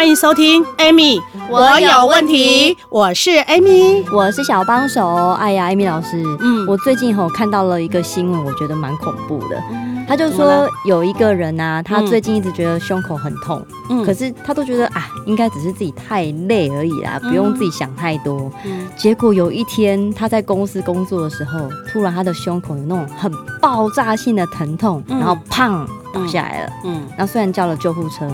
歡迎收聽，Amy，我有問題，我是 Amy，我,我是小幫手。哎呀，Amy 老師，嗯，我最近吼、哦、看到了一個新聞，我覺得蠻恐怖的。他就說有一個人啊，他最近一直覺得胸口很痛，嗯，可是他都覺得啊，應該只是自己太累而已啦，不用自己想太多。結果有一天他在公司工作的時候，突然他的胸口有那種很爆炸性的疼痛，然後砰倒下來了。嗯，然後雖然叫了救護車，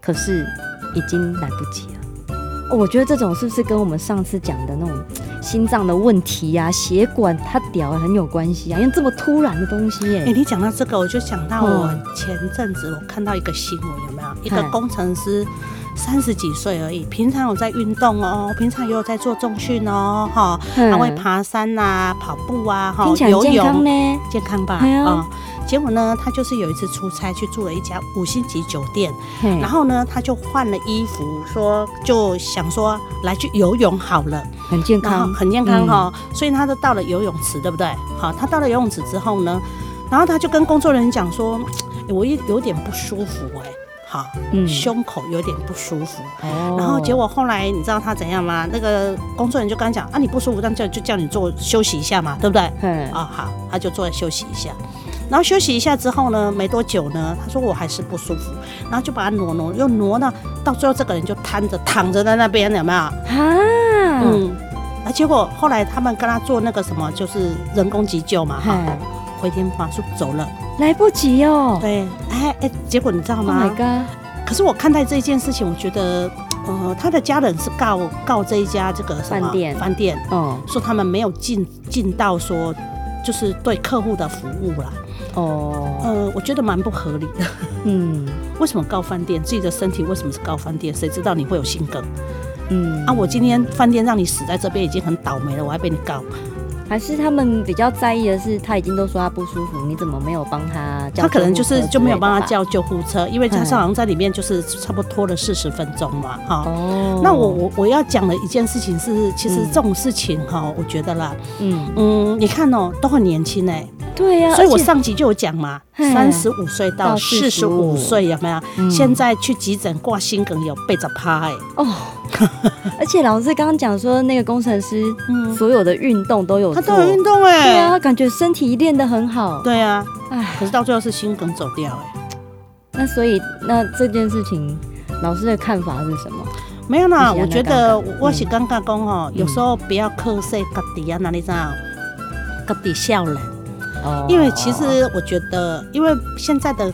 可是。已經來不及了、哦。我覺得這種是不是跟我們上次講的那種心臟的問題呀、啊、血管它屌的很有關係啊？因為這麼突然的東西、欸。哎、欸，你講到這個，我就想到我前陣子我看到一個新聞、嗯，有沒有？一個工程師三十、嗯、幾歲而已，平常有在運動哦，平常也有，有在做重訓哦，哈、哦，他、嗯、會爬山啊、跑步啊、哈、游泳、健康呢，健康吧？哎結果呢，他就是有一次出差去住了一家五星級酒店，然後呢，他就換了衣服，說就想說來去游泳好了，很健康，很健康哈。所以他就到了游泳池，對不對？好，他到了游泳池之後呢，然後他就跟工作人員講說：“我有有點不舒服，哎，好，胸口有點不舒服。”然後結果後來你知道他怎樣嗎？那個工作人就跟他講：“啊，你不舒服，那叫就叫你坐休息一下嘛，對不對？”嗯。啊，好，他就坐在休息一下。然後休息一下之後呢，沒多久呢，他說我還是不舒服，然後就把他挪挪，又挪呢到最後這個人就癱着躺着在那邊，有沒有、嗯？啊，嗯，啊，結果後來他們跟他做那個什麼，就是人工急救嘛，哈，回天乏術走了，來不及哦。對，哎哎，結果你知道嗎？Oh my god！可是我看待這件事情，我覺得，呃，他的家人是告告這一家這個飯店飯店，哦說他們沒有盡盡到說。就是對客戶的服務啦，哦，呃，我覺得蠻不合理的，嗯，為什麼告飯店？自己的身體為什麼是告飯店？誰知道你會有心梗？嗯，啊，我今天飯店讓你死在這邊已經很倒霉了，我還被你告。還是他們比較在意的是，他已經都說他不舒服，你怎麼沒有幫他叫？他可能就是就沒有幫他叫救護車，因為他說好像在裡面就是差不多拖了四十分鐘嘛，哈。哦。那我我我要講的一件事情是，其實這種事情哈、嗯，我覺得啦，嗯嗯，你看哦，都很年輕哎對呀、啊，所以我上集就有講嘛，三十五歲到四十五歲有沒有、嗯？現在去急診掛心梗有八十趴哦，而且老師剛剛講說那個工程師，所有的運動都有、嗯，他都有運動哎、欸，對啊，他感覺身體練得很好，對啊，哎，可是到最後是心梗走掉哎、欸。那所以那這件事情，老師的看法是什麼？沒有啦，我覺得我是感覺講吼、嗯，有時候不要靠曬家底啊，哪裡髒，家、嗯、底笑了因為其實我覺得，因為現在的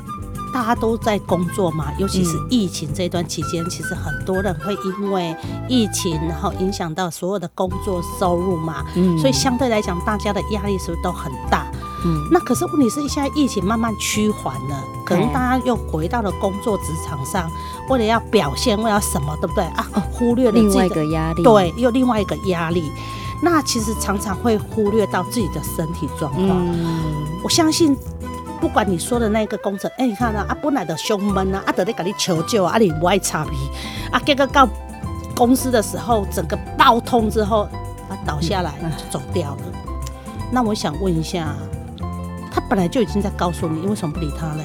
大家都在工作嘛，尤其是疫情這段期間，其實很多人會因為疫情，然後影響到所有的工作收入嘛。嗯，所以相對來講，大家的壓力是不是都很大？嗯，那可是問題是，現在疫情慢慢趨緩了，可能大家又回到了工作職場上，為了要表現，為了什麼，對不對？啊，忽略了另外一個壓力，對，又另外一個壓力。那其實常常會忽略到自己的身體狀況、嗯。我相信，不管你說的那個工程，哎、欸，你看啊，阿伯奶的胸悶啊，阿、啊、德在跟你求救啊，你不愛插鼻，啊，結果到公司的時候，整個爆通之後，啊，倒下來就走掉了、嗯嗯。那我想問一下，他本來就已經在告訴你，你為什麼不理他嘞？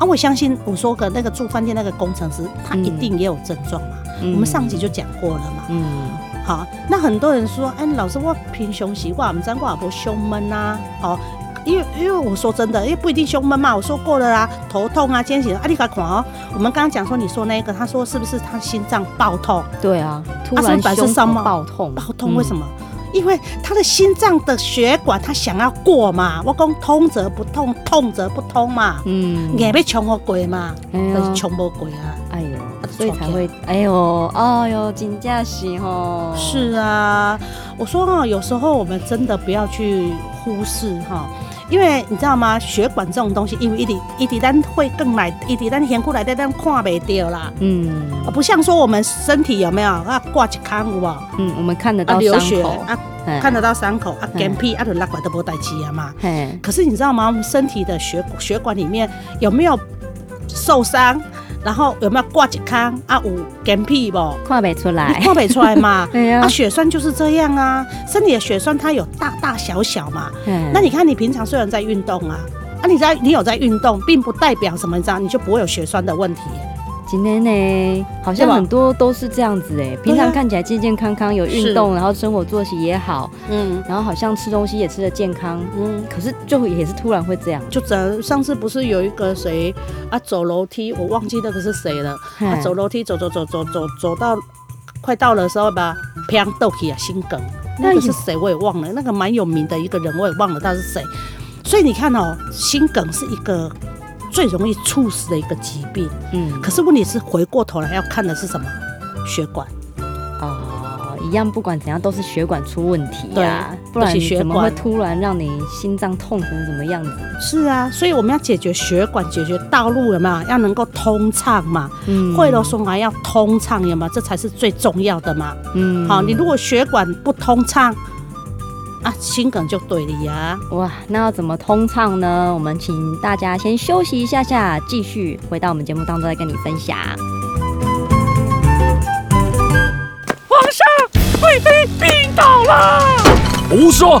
啊，我相信我說個那個住飯店那個工程師，他一定也有症狀嘛、嗯。我們上集就講過了嘛。嗯嗯好，那很多人說，哎、欸，老師，我平胸習慣，我們這樣，我老婆胸悶吶、啊，哦，因為因為我說真的，因為不一定胸悶嘛，我說過了啊，頭痛啊，肩頸，你給我看哦、喔，我們剛剛講說，你說那個，他說是不是他心臟爆痛？對啊，突然胸上爆痛、啊，是是，爆痛為什麼？嗯、因為他的心臟的血管，他想要過嘛，我講通則不痛，痛則不通嘛，嗯，也沒衝過貴嘛，嗯衝無貴啊過。所以才會，哎呦，哎、哦、呦，真的是吼、哦，是啊，我說哦，有時候我們真的不要去忽視哈，因為你知道嗎？血管這種東西，因為一滴一滴丹會更來，一滴丹填過來的，但看不到啦。嗯，不像說我們身體有沒有啊，掛起看，好不好？嗯，我們看得到、啊、流血啊，看得到傷口啊，乾皮啊，拉過來都不帶齊的嘛。嘿，可是你知道嗎？我們身體的血血管裡面有沒有受傷？然後有沒有掛、啊、健康啊？有便秘不？看不出來，看不出來嘛。哎 呀、啊，啊，血栓就是這樣啊。身體的血栓它有大大小小嘛。嗯， 那你看你平常雖然在運動啊，啊你在你有在運動，並不代表什麼你知道，這樣你就不會有血栓的問題。今天呢，好像很多都是這樣子哎、欸。平常看起來健健康康，有運動，然後生活作息也好，嗯，然後好像吃東西也吃得健康，嗯。可是就也是突然會這樣，就怎？上次不是有一個誰啊，走樓梯，我忘記那個是誰了。嗯啊、走樓梯，走走走走走，走到快到的時候吧，砰，倒地了，心梗。那、那個是誰？我也忘了。那個蠻有名的一個人，我也忘了他是誰。所以你看哦，心梗是一個最容易猝死的一個疾病，嗯，可是問題是回過頭來要看的是什麼？血管哦，哦一樣不管怎樣都是血管出問題呀、啊，不然怎麼會突然讓你心臟痛成什麼樣子？是，是啊，所以我們要解決血管，解決道路了嘛，要能夠通暢嘛，嗯，會絡循環要通暢，有嘛？這才是最重要的嘛，嗯、哦，好，你如果血管不通暢。啊，心梗就對了呀！哇，那要怎麼通暢呢？我們請大家先休息一下下，繼續回到我們節目當中來跟你分享。皇上，貴妃病倒了！胡說！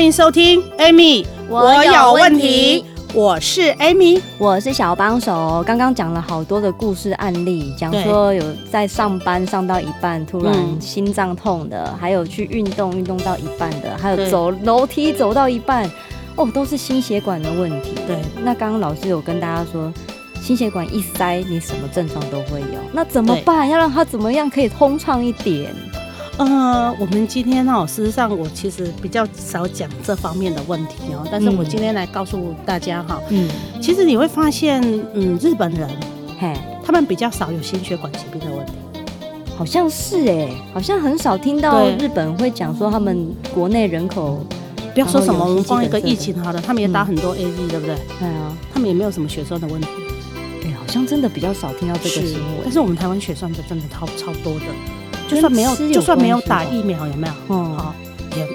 歡迎收聽，Amy，我有問題，我是 Amy，我是小幫手。剛剛講了好多的故事案例，講說有在上班上到一半突然心臟痛的，還有去運動運動到一半的，還有走樓梯走到一半，哦，都是心血管的問題。對，那剛剛老師有跟大家說，心血管一塞，你什麼症狀都會有。那怎麼辦？要讓它怎麼樣可以通暢一點？呃、嗯啊，我們今天哈，事實上我其實比較少講這方面的問題哦，但是我今天來告訴大家哈、嗯，嗯，其實你會發現，嗯，日本人，嘿，他們比較少有心血管疾病的問題，好像是哎，好像很少聽到日本會講說他們國內人口、嗯，不要說什麼，嗯、我們放一個疫情的、嗯、好了，他們也打很多 AZ，對不對、嗯？對啊，他們也沒有什麼血栓的問題，哎，好像真的比較少聽到這個新聞，但是我們台灣血栓的真的超超多的。就算沒有，就算沒有打疫苗，有沒有？好，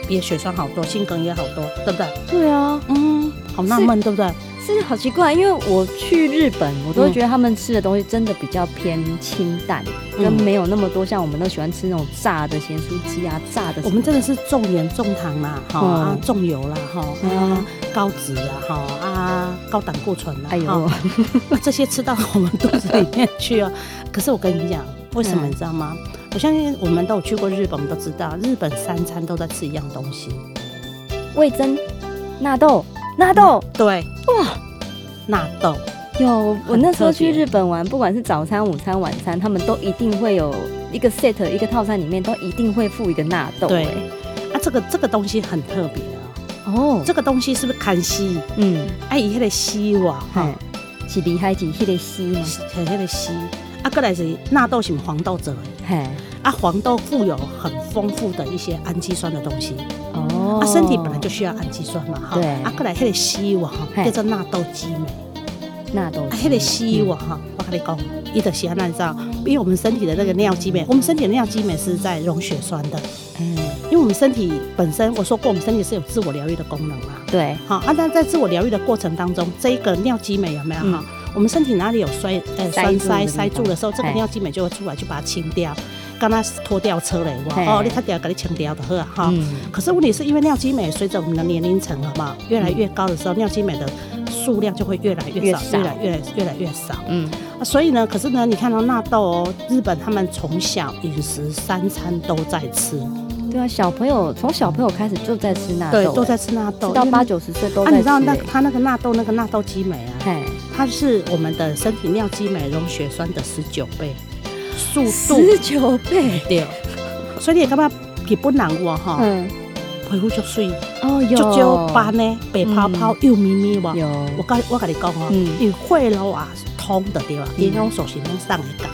也也血栓好多，心梗也好多，對不對？對啊，嗯，好納悶，對不對，對？啊，是，是，是好奇怪，因為我去日本，我都會覺得他們吃的東西真的比較偏清淡，跟沒有那麼多像我們都喜歡吃那種炸的鹹酥雞啊，炸的。我們真的是重鹽、重糖啊，哈，重油啦，哈，啊，高脂啊，哈，啊，高膽固醇啊，哈，還有這些吃到我們肚子裡面去啊。可是我跟你講，為什麼你知道嗎？我相信我們都有去過日本，我們都知道日本三餐都在吃一樣東西——味噌納豆。納豆對哇，納豆有。我那時候去日本玩，不管是早餐、午餐、晚餐，他們都一定會有一個 set 一個套餐，裡面都一定會附一個納豆。對啊，這個這個東西很特別啊。哦，這個東西是不是看西？嗯，哎，以海的西哇，哈、嗯，是厲害，是海的西嗎？海的西啊，過來是納豆是用黃豆做的。嘿，啊，黃豆富有很豐富的一些氨基酸的東西哦，啊，身體本來就需要氨基酸嘛，哈，對，啊，克來黑的西王叫做納豆激酶，納豆它的西王哈，我跟你講，伊的你知道，因為我們身體的那個尿激酶，我們身體的尿激酶是在溶血栓的，嗯，因為我們身體本身我說過我們身體是有自我療癒的功能嘛，對，好，啊，那在自我療癒的過程當中，這個尿激酶有沒有哈？我們身體哪裡有栓、栓塞，呃，栓塞，塞住的時候，這個尿激酶就會出來，就把它清掉，跟它拖吊車嘞，哦，你脫掉，給你清掉的。喝哈。可是問題是因為尿激酶隨着我們的年齡層長嘛，越來越高的時候，尿激酶的數量就會越來越少，越來越來越來越少。嗯。所以呢，可是呢，你看到納豆哦、喔，日本他們從小飲食三餐都在吃。對啊，小朋友從小朋友開始就在吃納豆，都在吃納豆，到八九十歲都在吃。你知道那他那個納豆那個納豆激酶啊？啊誒，它是我們的身體尿激酶溶血栓的十九倍速度，十九倍對。所以你要不要也不難過哈？嗯，皮膚就水哦，有雀斑呢，白泡泡幼咪咪哇。有，我告我跟你講啊，你血流啊通對的對吧？你用手心能上來搞。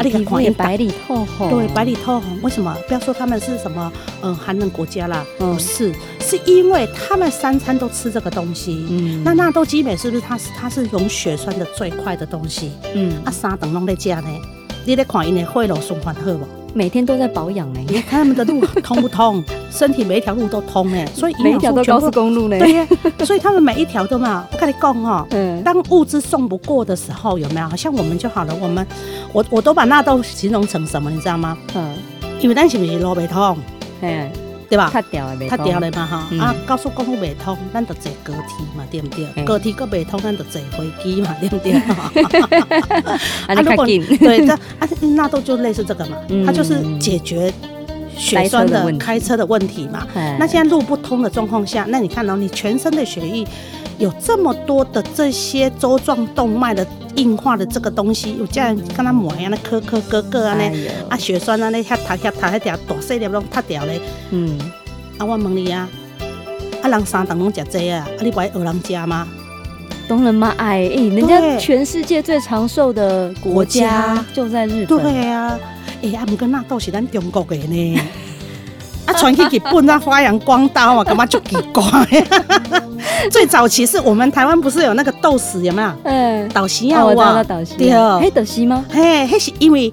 啊，你看，黃白裡透紅，對，白裡透紅。為什麼？不要說他們是什麼，嗯，寒冷國家啦，不是，是因為他們三餐都吃這個東西。嗯，那納豆激酶是不是？它是它是溶血栓的最快的東西。嗯，啊，三頓攏在加呢，你得看伊呢，血流循環好無？每天都在保養呢，你看他們的路通不通， 身體每一條路都通，所以每一條都是公路呢。對呀，所以他們每一條都嘛，我跟你講哈，嗯，當物資送不過的時候，有沒有？好像我們就好了，我們，我我都把納豆形容成什麼，你知道嗎？嗯，因為那形容成蘿蔔湯，哎。對吧？太屌了，太屌了嘛哈、嗯！啊，高速公路沒通，咱就坐高鐵嘛，對不對？高鐵擱沒通，咱就坐飛機嘛，對不對？ 啊，如果對的啊，那都就類似這個嘛，嗯、它就是解決血栓的，車的開車的問題嘛、嗯。那現在路不通的狀況下，那你看到、哦、你全身的血液。有這麼多的這些粥狀動脈的硬化的這個東西，有這樣跟它磨一樣的顆顆疙疙啊，呢，啊血栓啊，呢，它塌遐塌，那條大細粒攏塌掉嘞。嗯，啊，我問你啊，啊，人三頓攏食多啊，啊，你買學人食嗎？當然懂了嗎？哎、欸，人家全世界最長壽的國家就在日本對，對啊，哎、欸，阿木哥那倒是咱，就是，中國的呢。 他、啊、傳去日本那、啊、發揚光大嘛，幹嘛就奇怪？ 最早期是我們台灣不是有那個豆豉有沒有？欸豆、豉啊、哇豆豉啊，對，是豆豉嗎、啊？嘿、啊欸，那是因為，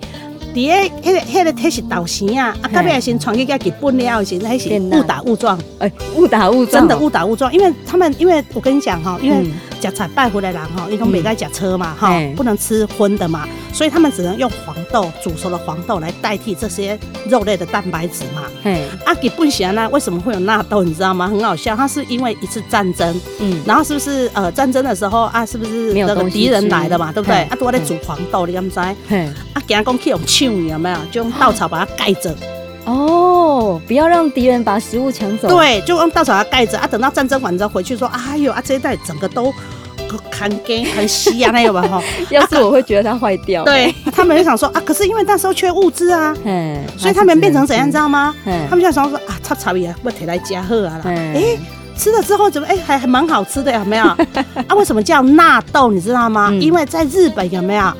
第個，那個，那個它是豆豉啊，欸、啊，那邊先傳去家日本了後，先、欸、那是誤打誤撞，誒、誤、欸、打誤撞，真的誤打誤撞、欸，因為他們，因為我跟你講哈，因為假菜帶回來啦哈，因為個在假車嘛哈、嗯，不能吃葷的嘛。嗯所以他們只能用黃豆煮熟的黃豆來代替這些肉類的蛋白質嘛。嗯，阿給不鹹呢？為什麼會有納豆？你知道嗎？很好笑，它是因為一次戰爭。嗯，然後是不是呃戰爭的時候啊？是不是那個敵人來了嘛？對不對？阿都、啊、在煮黃豆，你知不知？嘿，啊給阿公去用臭你。有沒有？就用稻草把它蓋着。哦，不要讓敵人把食物搶走。對，就用稻草把它蓋着。啊，等到戰爭完之後回去說，哎呦啊，這一袋整個都。很乾很稀啊，那個吧哈。有有 要是我會覺得它壞掉、啊。對，他們就想說 啊，可是因為那時候缺物資啊，嗯，所以他們變成怎樣，知道嗎？他們就想說啊，炒炒也不我來加好啊了。哎、欸，吃了之後怎麼哎、欸、還還蠻好吃的有沒有？ 啊，為什麼叫納豆？你知道嗎、嗯？因為在日本有沒有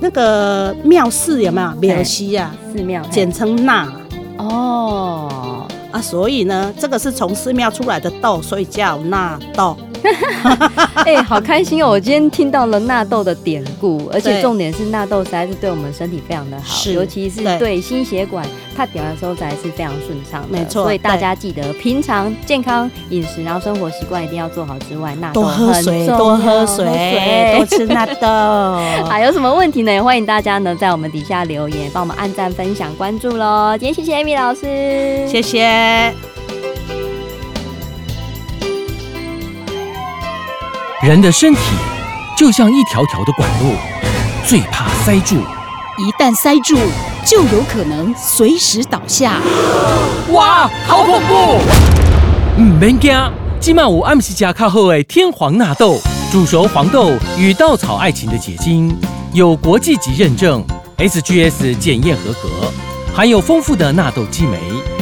那個廟寺有沒有廟西啊？寺廟簡稱納。哦啊，所以呢，這個是從寺廟出來的豆，所以叫納豆。哎、 欸，好開心哦！我今天聽到了納豆的典故，而且重點是納豆實在是對我們身體非常的好，尤其是對心血管、它掉的時候，實在是非常順暢。沒錯，所以大家記得平常健康飲食，然後生活習慣一定要做好之外，納豆多喝水，多喝水，多吃納豆、 啊。有什麼問題呢？歡迎大家呢在我們底下留言，幫我們按讚、分享、關注嘍！今天謝謝 Amy 老師，謝謝。人的身體就像一條條的管路，最怕塞住，一旦塞住，就有可能隨時倒下。哇，好恐怖！唔免驚，今麥我暗時食較好誒，天皇納豆，煮熟黃豆與稻草愛情的結晶，有國際級認證，SGS 檢驗合格，含有豐富的納豆激酶，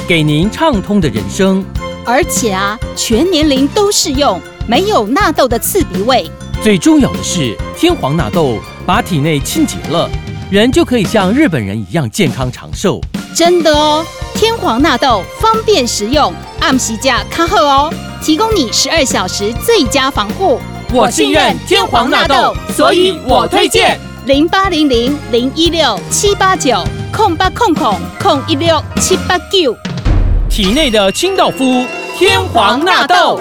給您暢通的人生。而且啊，全年齡都適用。沒有納豆的刺鼻味，最重要的是天皇納豆把體內清潔了，人就可以像日本人一樣健康長壽。真的哦，天皇納豆方便食用，暗喜加卡賀哦，提供你十二小時最佳防護。我信任天皇納豆，所以我推薦零八零零零一六七八九空八空空空一六七八九。體內的清道夫，天皇納豆。